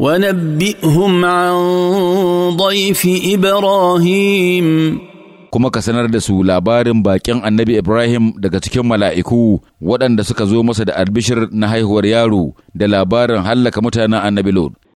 ونبئهم عن ضيف إبراهيم kuma ka sanar da su labarin bakin annabi Ibrahim daga cikin mala'iku waɗanda suka zo masa da albishir na haihuwar yaro da labarin hallaka mutanen annabi Lod.